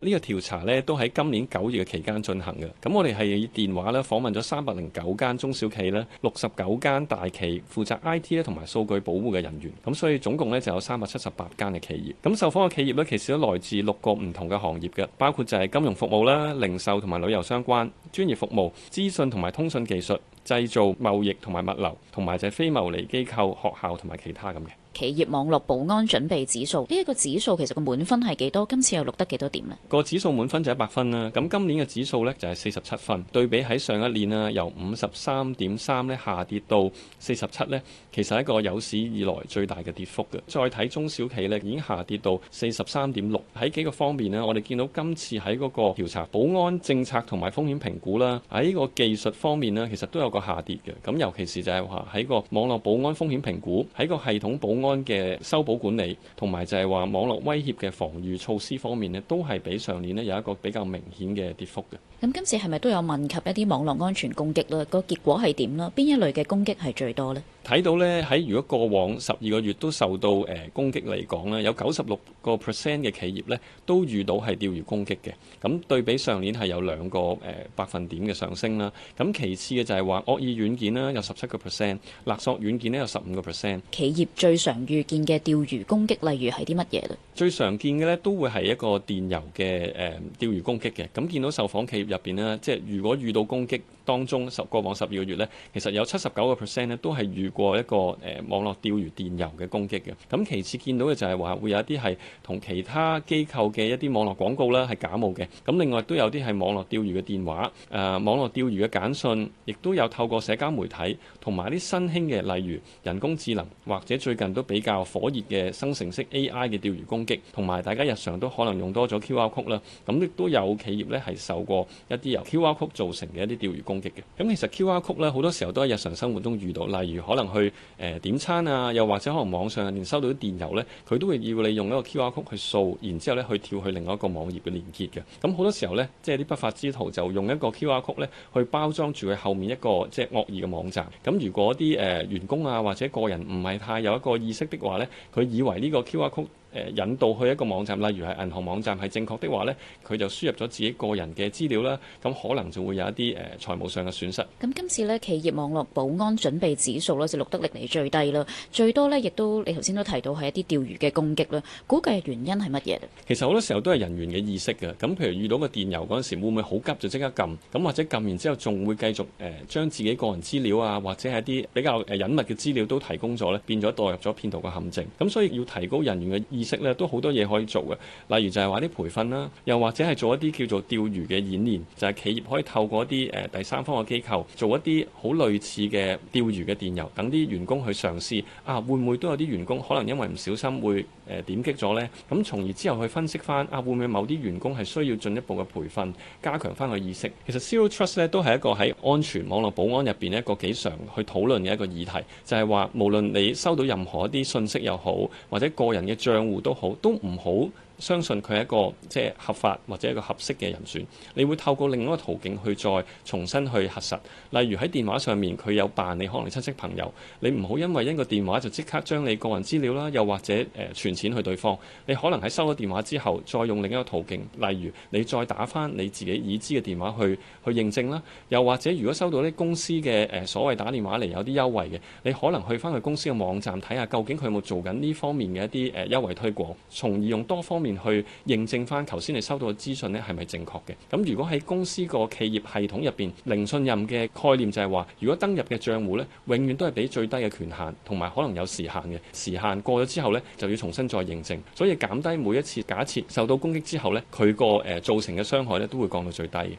呢個調查呢都喺今年九月嘅期間進行嘅，咁我哋係以電話咧訪問咗三百零九間中小企呢，六十九間大企負責 IT 咧同埋數據保護嘅人員，咁所以總共呢就有三百七十八間嘅企業，咁受訪嘅企業呢，其實都來自六個唔同嘅行業嘅，包括就係金融服務啦、零售同埋旅遊相關、專業服務、資訊同埋通訊技術。製造、貿易同埋物流，同埋就係非牟利機構、學校同埋其他咁嘅企業網絡保安準備指數，呢一個指數其實個滿分係幾多？今次又錄得幾多點呢？個指數滿分就一百分啦。咁今年嘅指數呢，就係四十七分，對比喺上一年啊由五十三點三呢下跌到四十七呢，其實係一個有史以來最大嘅跌幅嘅。再睇中小企呢，已經下跌到四十三點六。喺幾個方面呢，我哋見到今次喺嗰個調查保安政策同埋風險評估啦，喺呢個技術方面呢，其實都有個下跌嘅，咁尤其是就係話喺個網絡保安風險評估，喺個系統保安嘅修補管理，同埋就係話網絡威脅嘅防禦措施方面呢都係比上年呢有一個比較明顯嘅跌幅嘅。咁今次係咪都有問及一啲網絡安全攻擊咧？個結果係點呢？邊一類嘅攻擊係最多呢？睇到呢，喺如果過往十二個月都受到誒、呃、攻擊嚟講呢有九十六個 percent 嘅企業呢都遇到係釣魚攻擊嘅。咁對比上年係有兩個誒、呃、百分點嘅上升啦。咁其次嘅就係話。惡意軟件咧有十七個 percent，勒索軟件咧有十五個 percent。企業最常遇見嘅釣魚攻擊，例如係啲乜嘢咧？最常見嘅咧，都會係一個電郵嘅誒釣魚攻擊嘅。咁見到受訪企業入邊咧，即係如果遇到攻擊。當中十過往十二個月咧，其實有七十九個 percent 咧都係遇過一個誒網絡釣魚電郵嘅攻擊嘅。咁其次見到嘅就係話會有一啲係同其他機構嘅一啲網絡廣告啦，係假冒嘅。咁另外都有啲係網絡釣魚嘅電話，誒網絡釣魚嘅簡訊，亦都有透過社交媒體同埋一啲新興嘅，例如人工智能或者最近都比較火熱嘅生成式 AI 嘅釣魚攻擊，同埋大家日常都可能用多咗 QR code 啦。咁亦都有企業咧係受過一啲由 QR code 造成嘅一啲釣魚攻，嘅咁、嗯，其實 QR code 呢好多時候都喺日常生活中遇到，例如可能去誒、呃、點餐啊，又或者可能網上面收到啲電郵呢，佢都會要你用一個 QR code 去掃，然之後呢去跳去另外一個網頁嘅連結嘅。咁、嗯、好多時候呢，即係啲不法之徒就用一個 QR code 呢去包裝住佢後面一個即係、就是、惡意嘅網站。咁、嗯、如果啲誒、呃、員工啊或者個人唔係太有一個意識的話呢，佢以為呢個 QR code 誒引導去一個網站，例如係銀行網站，係正確的話呢，佢就輸入咗自己個人嘅資料啦。咁可能就會有一啲誒財務上嘅損失。咁今次呢，企業網絡保安準備指數呢，就錄得歷嚟最低啦。最多呢，亦都你頭先都提到係一啲釣魚嘅攻擊啦。估計原因係乜嘢？其實好多時候都係人員嘅意識嘅。咁譬如遇到個電郵嗰陣時，會唔會好急就即刻撳？咁或者撳完之後仲會繼續誒、呃、將自己個人資料啊，或者係一啲比較誒隱密嘅資料都提供咗呢，變咗墮入咗騙徒嘅陷阱。咁所以要提高人員嘅。意識咧都好多嘢可以做嘅，例如就係話啲培訓啦，又或者係做一啲叫做釣魚嘅演練，就係、是、企業可以透過一啲誒、呃、第三方嘅機構做一啲好類似嘅釣魚嘅電郵，等啲員工去嘗試，啊會唔會都有啲員工可能因為唔小心會，誒點擊咗呢？咁從而之後去分析翻啊，會唔會某啲員工係需要進一步嘅培訓，加強翻個意識？其實 Zero Trust 呢都係一個喺安全網絡保安入邊一個幾常去討論嘅一個議題，就係話無論你收到任何一啲信息又好，或者個人嘅帳戶都好，都唔好，相信佢係一個即係、就是、合法或者一個合適嘅人選，你會透過另外一個途徑去再重新去核實。例如喺電話上面佢有辦理，可能親戚朋友，你唔好因為一個電話就即刻將你個人資料啦，又或者誒存錢去對方。你可能喺收咗電話之後再用另一個途徑，例如你再打翻你自己已知嘅電話去去認證啦。又或者如果收到啲公司嘅誒、呃、所謂打電話嚟，有啲優惠嘅，你可能去翻佢公司嘅網站睇下究竟佢有冇做緊呢方面嘅一啲誒優惠推廣，從而用多方面，去認證翻頭先你收到嘅資訊呢係咪正確嘅？咁如果喺公司個企業系統入邊，零信任嘅概念就係話，如果登入嘅賬戶呢，永遠都係俾最低嘅權限，同埋可能有時限嘅。時限過咗之後呢，就要重新再認證。所以減低每一次，假設受到攻擊之後呢，佢個誒造成嘅傷害呢都會降到最低嘅。